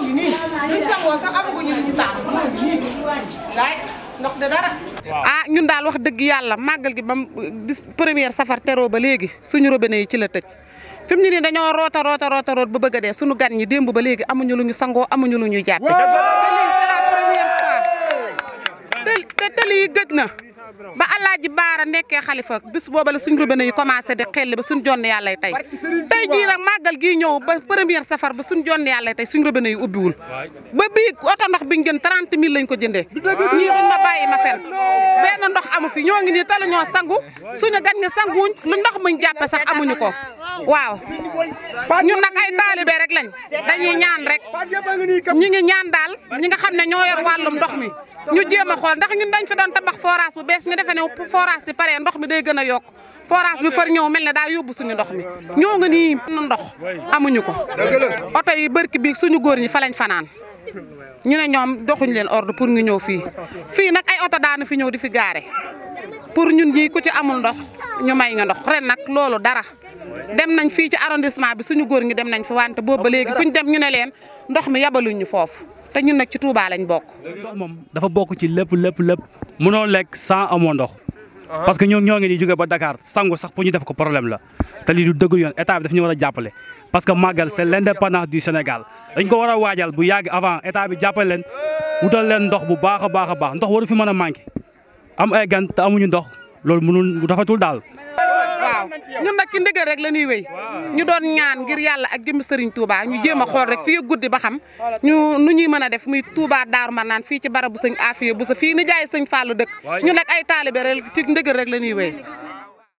mu ñu sangoo ah ñun daal wax dëgg yàlla màggal gi ba première safar teroo ba léegi suñu robinet yi ci la tëj fi mu ne nii dañoo roota roota root ba bëgga a dee suñu gan ñi démb ba léegi amuñu lu ñu sangoo amuñu lu ñu jàppe te lii gëj na. ba Alaaji Baara nekkee xalifa bis booba la suñ robinet yu commencé di xelli ba suñ jonn yàlla tey tey jii nag màggal gii ñëw ba première safar ba suñ jonn yàlla tey suñ robinet yu ubbiwul ba bii oto ndox biñ gën trente mille lañ ko jëndee ñii ma bàyyi ma fen benn ndox amu fi ñoo ngi nii talu ñoo sangu suñu gan ñi sanguñ lu ndox muñ jàppe sax amuñu ko waaw ñun nag ay taalibe rek lañ dañuy ñaan rek ñi ngi ñaan daal ñi nga xam ne ñoo yor wàllum ndox mi ñu jéem a xool ndax ñun dañ fi doon tabax forage bu bees ñu defee ne forage si paree ndox mi day gën a yokk forage bi far ñëw mel ne daa yóbbu suñu ndox mi ñoo nga nii nu ndox amuñu ko oto yi bërki bi suñu góor ñi fa lañ fanaan ñu ne ñoom doxuñ leen ordre pour ñu ñëw fii fii nag ay oto daanu fi ñëw di fi gaare pour ñun ñii ku ci amul ndox ñu may nga ndox ren nag loolu dara dem nañ fii ci arrondissement bi suñu góor ngi dem nañ fi wante boobu ba léegi fuñ dem ñu ne leen ndox mi yabaluñ ñu foofu te ñu nag ci Touba lañ bokk. moom dafa bokk ci lépp lépp lépp mënoo lekk sans amoo ndox. Uh-huh. parce que ñoo ñoo ngi di jóge ba dakaar sangu sax pour ñu def ko problème la te li du dëgg yoon état bi ñu war a jàppale parce que seen màggal c'est l'indépendance du Sénégal dañ ko war a waajal bu yàgg avant état bi jàppale leen wutal leen ndox bu baax a baax a baax ndox waru fi mën a manqué am ay gan amuñu ndox loolu mënul rafetul daal. waaw ñun nag ci ndigal rek la ñuy wéy ñu doon ñaan ngir yàlla ak jëmmi Serigne Touba ñu jéem a xool rek fii guddi ba xam ñu nu ñuy mën a def muy Touba Daaru Marnaan fii ci barabu sëñ Afiya bu sa fii ni jaay sëñ Fallou dëkk ñu nag ay taalibe rek ci ndigal rek la ñuy wéy